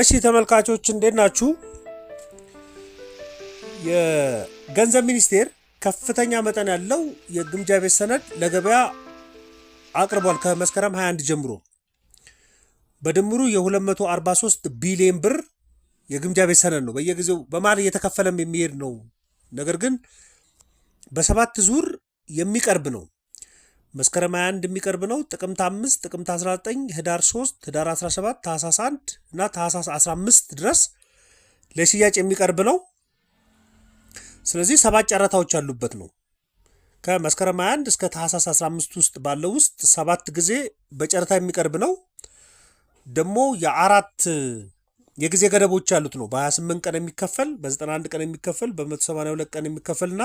እሺ ተመልካቾች እንዴት ናችሁ? የገንዘብ ሚኒስቴር ከፍተኛ መጠን ያለው የግምጃ ቤት ሰነድ ለገበያ አቅርቧል። ከመስከረም 21 ጀምሮ በድምሩ የ243 ቢሊዮን ብር የግምጃ ቤት ሰነድ ነው። በየጊዜው በመሀል እየተከፈለም የሚሄድ ነው። ነገር ግን በሰባት ዙር የሚቀርብ ነው። መስከረም 21 የሚቀርብ ነው። ጥቅምት 5፣ ጥቅምት 19፣ ህዳር 3፣ ህዳር 17፣ ታህሳስ 1 እና ታህሳስ 15 ድረስ ለሽያጭ የሚቀርብ ነው። ስለዚህ ሰባት ጨረታዎች ያሉበት ነው። ከመስከረም 21 እስከ ታህሳስ 15 ውስጥ ባለው ውስጥ ሰባት ጊዜ በጨረታ የሚቀርብ ነው። ደግሞ የአራት የጊዜ ገደቦች ያሉት ነው። በ28 ቀን የሚከፈል፣ በ91 ቀን የሚከፈል፣ በ182 ቀን የሚከፈልና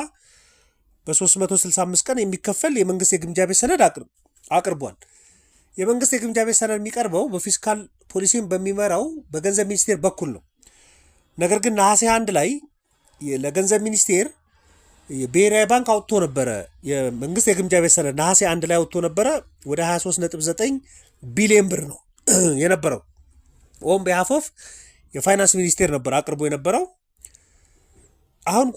በ365 ቀን የሚከፈል የመንግስት የግምጃ ቤት ሰነድ አቅርቧል። የመንግስት የግምጃ ቤት ሰነድ የሚቀርበው በፊስካል ፖሊሲን በሚመራው በገንዘብ ሚኒስቴር በኩል ነው። ነገር ግን ነሐሴ አንድ ላይ ለገንዘብ ሚኒስቴር የብሔራዊ ባንክ አውጥቶ ነበረ። የመንግስት የግምጃ ቤት ሰነድ ነሐሴ አንድ ላይ አውጥቶ ነበረ። ወደ 23.9 ቢሊዮን ብር ነው የነበረው። ኦም በሀፎፍ የፋይናንስ ሚኒስቴር ነበር አቅርቦ የነበረው አሁን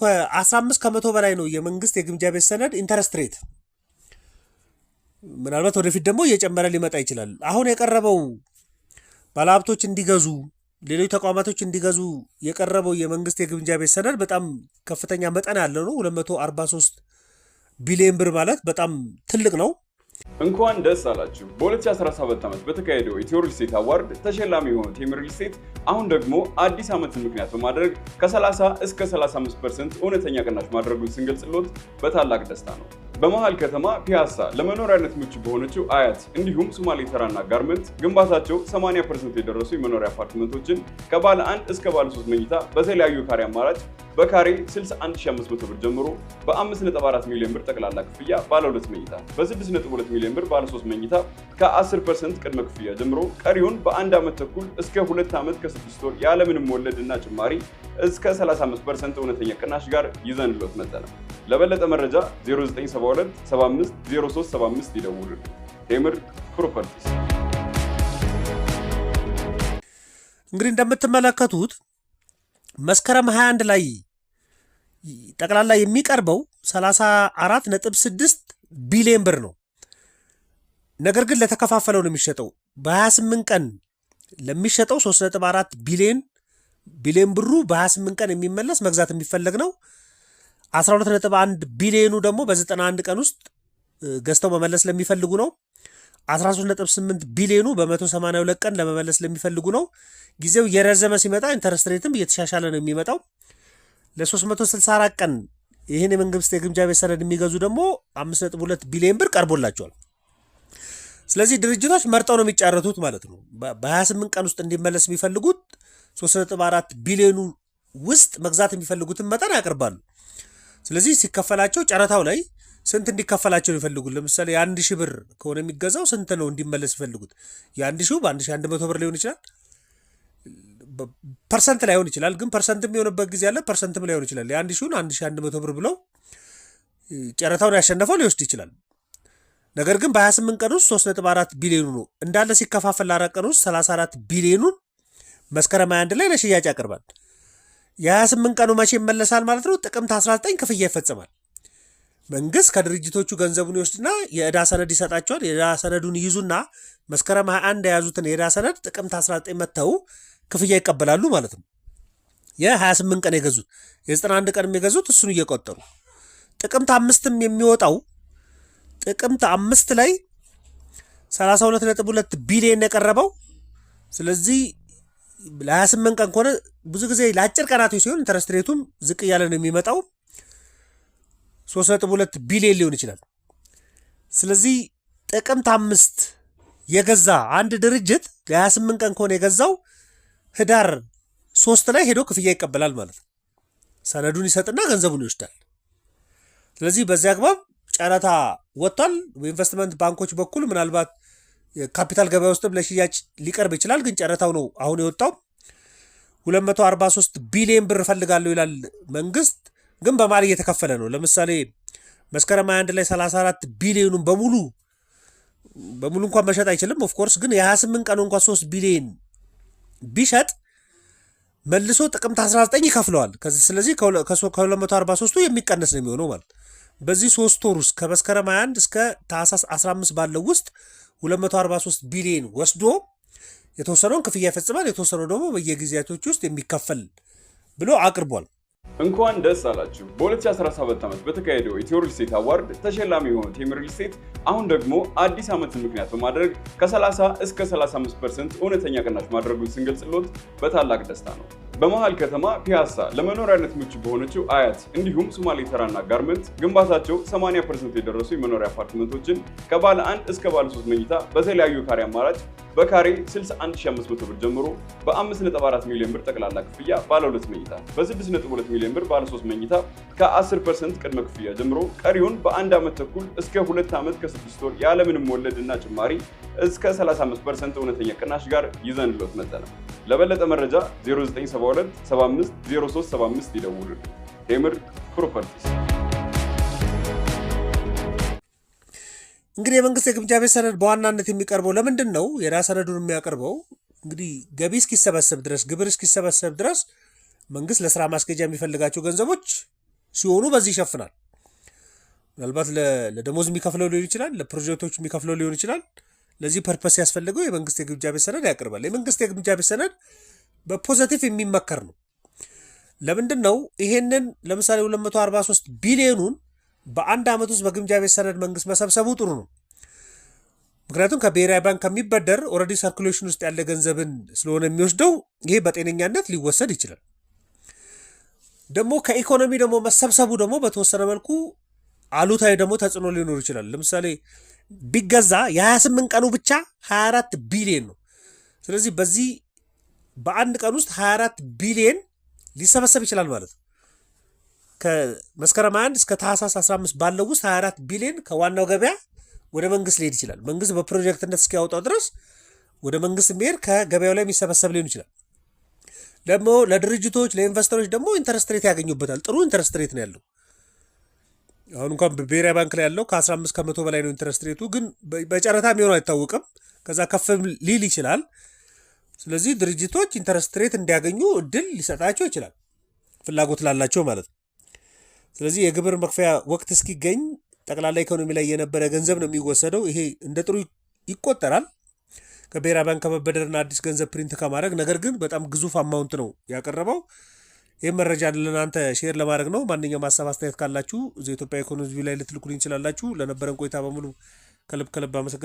አስራ አምስት ከመቶ በላይ ነው የመንግስት የግምጃ ቤት ሰነድ ኢንተረስት ሬት። ምናልባት ወደፊት ደግሞ እየጨመረ ሊመጣ ይችላል። አሁን የቀረበው ባለሀብቶች እንዲገዙ፣ ሌሎች ተቋማቶች እንዲገዙ የቀረበው የመንግስት የግምጃ ቤት ሰነድ በጣም ከፍተኛ መጠን ያለው ነው። 243 ቢሊዮን ብር ማለት በጣም ትልቅ ነው። እንኳን ደስ አላችሁ። በ2017 ዓመት በተካሄደው የኢትዮ ሪል ስቴት አዋርድ ተሸላሚ የሆኑት ቴምር ሪል ስቴት አሁን ደግሞ አዲስ ዓመትን ምክንያት በማድረግ ከ30 እስከ 35 ፐርሰንት እውነተኛ ቅናሽ ማድረጉን ስንገልጽሎት በታላቅ ደስታ ነው። በመሃል ከተማ ፒያሳ ለመኖሪያነት ምቹ በሆነችው አያት እንዲሁም ሶማሌ ተራና ጋርመንት ግንባታቸው 80 ፐርሰንት የደረሱ የመኖሪያ አፓርትመንቶችን ከባለ አንድ እስከ ባለ ሶስት መኝታ በተለያዩ ካሬ አማራጭ በካሬ 61500 ብር ጀምሮ በ5.4 ሚሊዮን ብር ጠቅላላ ክፍያ ባለ 2 መኝታ፣ በ6.2 ሚሊዮን ብር ባለ 3 መኝታ ከ10% ቅድመ ክፍያ ጀምሮ ቀሪውን በአንድ ዓመት ተኩል እስከ 2 ዓመት ከ6 ወር ያለምንም ወለድና ጭማሪ እስከ 35% እውነተኛ ቅናሽ ጋር ይዘንሎት መጠናል። ለበለጠ መረጃ 0972750375 ይደውሉ። ቴምር ፕሮፐርቲስ። እንግዲህ እንደምትመለከቱት መስከረም 21 ላይ ጠቅላላ የሚቀርበው 34.6 ቢሊዮን ብር ነው። ነገር ግን ለተከፋፈለው ነው የሚሸጠው። በ28 ቀን ለሚሸጠው 3.4 ቢሊዮን ቢሊዮን ብሩ በ28 ቀን የሚመለስ መግዛት የሚፈለግ ነው። 12.1 ቢሊዮኑ ደግሞ በ91 ቀን ውስጥ ገዝተው መመለስ ለሚፈልጉ ነው። 13.8 ቢሊዮኑ በ182 ቀን ለመመለስ ለሚፈልጉ ነው። ጊዜው የረዘመ ሲመጣ ኢንተረስት ሬትም እየተሻሻለ ነው የሚመጣው። ለ364 ቀን ይህን የመንግስት የግምጃ ቤት ሰነድ የሚገዙ ደግሞ 5.2 ቢሊዮን ብር ቀርቦላቸዋል። ስለዚህ ድርጅቶች መርጠው ነው የሚጫረቱት ማለት ነው። በ28 ቀን ውስጥ እንዲመለስ የሚፈልጉት 3.4 ቢሊዮኑ ውስጥ መግዛት የሚፈልጉትን መጠን ያቀርባሉ። ስለዚህ ሲከፈላቸው ጨረታው ላይ ስንት እንዲከፈላቸው ይፈልጉት። ለምሳሌ የአንድ ሺህ ብር ከሆነ የሚገዛው ስንት ነው እንዲመለስ ይፈልጉት? የአንድ ሺው በአንድ ሺህ አንድ መቶ ብር ሊሆን ይችላል ፐርሰንት ላይሆን ይችላል፣ ግን ፐርሰንት የሚሆንበት ጊዜ አለ፣ ፐርሰንትም ላይሆን ይችላል። የአንድ ሺውን አንድ ሺህ አንድ መቶ ብር ብለው ጨረታውን ያሸነፈው ሊወስድ ይችላል። ነገር ግን በ28 ቀን ውስጥ 3.4 ቢሊዮኑ ነው እንዳለ ሲከፋፈል ለአራት ቀን ውስጥ 34 ቢሊዮኑን መስከረም 21 ላይ ለሽያጭ ያቀርባል። የ28 ቀኑ መቼ ይመለሳል ማለት ነው? ጥቅምት 19 ክፍያ ይፈጽማል መንግስት ከድርጅቶቹ ገንዘቡን ይወስድና የእዳ ሰነድ ይሰጣቸዋል። የዕዳ ሰነዱን ይዙና መስከረም 21 የያዙትን የዕዳ ሰነድ ጥቅምት 19 መጥተው ክፍያ ይቀበላሉ ማለት ነው። የ28 ቀን የገዙት የ91 ቀን የገዙት እሱን እየቆጠሩ ጥቅምት አምስትም የሚወጣው ጥቅምት አምስት ላይ 32.2 ቢሊዮን የቀረበው ስለዚህ ለ28 ቀን ከሆነ ብዙ ጊዜ ለአጭር ቀናቶች ሲሆን ኢንተረስት ሬቱም ዝቅ እያለ ነው የሚመጣው 3.2 ቢሊዮን ሊሆን ይችላል። ስለዚህ ጥቅምት አምስት የገዛ አንድ ድርጅት ለ28 ቀን ከሆነ የገዛው ህዳር ሶስት ላይ ሄዶ ክፍያ ይቀበላል ማለት ነው። ሰነዱን ይሰጥና ገንዘቡን ይወስዳል። ስለዚህ በዚህ አግባብ ጨረታ ወጥቷል። በኢንቨስትመንት ባንኮች በኩል ምናልባት ካፒታል ገበያ ውስጥም ለሽያጭ ሊቀርብ ይችላል። ግን ጨረታው ነው አሁን የወጣው 243 ቢሊዮን ብር እፈልጋለሁ ይላል መንግስት። ግን በማል እየተከፈለ ነው። ለምሳሌ መስከረም 21 ላይ 34 ቢሊዮኑን በሙሉ በሙሉ እንኳን መሸጥ አይችልም ኦፍኮርስ። ግን የ28 ቀኑ እንኳ 3 ቢሊዮን ቢሸጥ መልሶ ጥቅምት 19 ይከፍለዋል። ስለዚህ ከ243 የሚቀነስ ነው የሚሆነው ማለት በዚህ ሶስት ወር ውስጥ ከመስከረም 21 እስከ ታህሳስ 15 ባለው ውስጥ 243 ቢሊዮን ወስዶ የተወሰነውን ክፍያ ይፈጽማል፣ የተወሰነው ደግሞ በየጊዜያቶች ውስጥ የሚከፈል ብሎ አቅርቧል። እንኳን ደስ አላችሁ! በ2017 ዓመት በተካሄደው የኢትዮ ሪል ስቴት አዋርድ ተሸላሚ የሆኑት ቴምር ሪል ስቴት አሁን ደግሞ አዲስ ዓመትን ምክንያት በማድረግ ከ30 እስከ 35 ፐርሰንት እውነተኛ ቅናሽ ማድረጉን ስንገልጽሎት በታላቅ ደስታ ነው። በመሃል ከተማ ፒያሳ ለመኖሪያነት ምቹ በሆነችው አያት እንዲሁም ሶማሌ ተራና ጋርመንት ግንባታቸው 80 ፐርሰንት የደረሱ የመኖሪያ አፓርትመንቶችን ከባለ አንድ እስከ ባለ ሶስት መኝታ በተለያዩ ካሬ አማራጭ በካሬ 61500 ብር ጀምሮ በ5.4 ሚሊዮን ብር ጠቅላላ ክፍያ ባለ 2 መኝታ በ6.2 ሚሊዮን ብር ባለ 3 መኝታ ከ10 ፐርሰንት ቅድመ ክፍያ ጀምሮ ቀሪውን በአንድ ዓመት ተኩል እስከ ሁለት ዓመት ከ6 ወር ያለምንም ወለድና ጭማሪ እስከ 35 ፐርሰንት እውነተኛ ቅናሽ ጋር ይዘንሎት መጠነ ለበለጠ መረጃ 0972750375 ይደውሉልን። ቴምር ፕሮፐርቲስ። እንግዲህ የመንግስት የግምጃ ቤት ሰነድ በዋናነት የሚቀርበው ለምንድን ነው? የዕዳ ሰነዱን የሚያቀርበው እንግዲህ ገቢ እስኪሰበሰብ ድረስ ግብር እስኪሰበሰብ ድረስ መንግስት ለስራ ማስኬጃ የሚፈልጋቸው ገንዘቦች ሲሆኑ በዚህ ይሸፍናል። ምናልባት ለደሞዝ የሚከፍለው ሊሆን ይችላል፣ ለፕሮጀክቶች የሚከፍለው ሊሆን ይችላል፣ ለዚህ ፐርፐስ ያስፈለገው የመንግስት የግምጃ ቤት ሰነድ ያቀርባል። የመንግስት የግምጃ ቤት ሰነድ በፖዘቲቭ የሚመከር ነው። ለምንድን ነው ይሄንን ለምሳሌ 243 ቢሊዮኑን በአንድ ዓመት ውስጥ በግምጃ ቤት ሰነድ መንግስት መሰብሰቡ ጥሩ ነው። ምክንያቱም ከብሔራዊ ባንክ ከሚበደር ኦልሬዲ ሰርኩሌሽን ውስጥ ያለ ገንዘብን ስለሆነ የሚወስደው ይሄ በጤነኛነት ሊወሰድ ይችላል። ደግሞ ከኢኮኖሚ ደግሞ መሰብሰቡ ደግሞ በተወሰነ መልኩ አሉታዊ ደግሞ ተጽዕኖ ሊኖር ይችላል። ለምሳሌ ቢገዛ የ28 ቀኑ ብቻ 24 ቢሊዮን ነው። ስለዚህ በዚህ በአንድ ቀን ውስጥ 24 ቢሊዮን ሊሰበሰብ ይችላል ማለት ነው። ከመስከረም 1 እስከ ታህሳስ 15 ባለው ውስጥ 24 ቢሊዮን ከዋናው ገበያ ወደ መንግስት ሊሄድ ይችላል። መንግስት በፕሮጀክትነት እስኪያወጣው ድረስ ወደ መንግስት የሚሄድ ከገበያው ላይ የሚሰበሰብ ሊሆን ይችላል። ደግሞ ለድርጅቶች ለኢንቨስተሮች ደግሞ ኢንተረስት ሬት ያገኙበታል። ጥሩ ኢንተረስት ሬት ነው ያለው። አሁን እንኳን ብሔራዊ ባንክ ላይ ያለው ከ15 ከመቶ በላይ ነው ኢንትረስት ሬቱ፣ ግን በጨረታ የሚሆኑ አይታወቅም። ከዛ ከፍም ሊል ይችላል። ስለዚህ ድርጅቶች ኢንተረስት ሬት እንዲያገኙ እድል ሊሰጣቸው ይችላል፣ ፍላጎት ላላቸው ማለት ነው። ስለዚህ የግብር መክፈያ ወቅት እስኪገኝ ጠቅላላ ኢኮኖሚ ላይ የነበረ ገንዘብ ነው የሚወሰደው። ይሄ እንደ ጥሩ ይቆጠራል ከብሔራዊ ባንክ ከመበደርና አዲስ ገንዘብ ፕሪንት ከማድረግ። ነገር ግን በጣም ግዙፍ አማውንት ነው ያቀረበው። ይህም መረጃ ለእናንተ ሼር ለማድረግ ነው። ማንኛውም ሀሳብ አስተያየት ካላችሁ ዘ ኢትዮጵያ ኢኮኖሚ ላይ ልትልኩልኝ ይችላላችሁ። ለነበረን ቆይታ በሙሉ ከልብ ከልብ አመሰግናለሁ።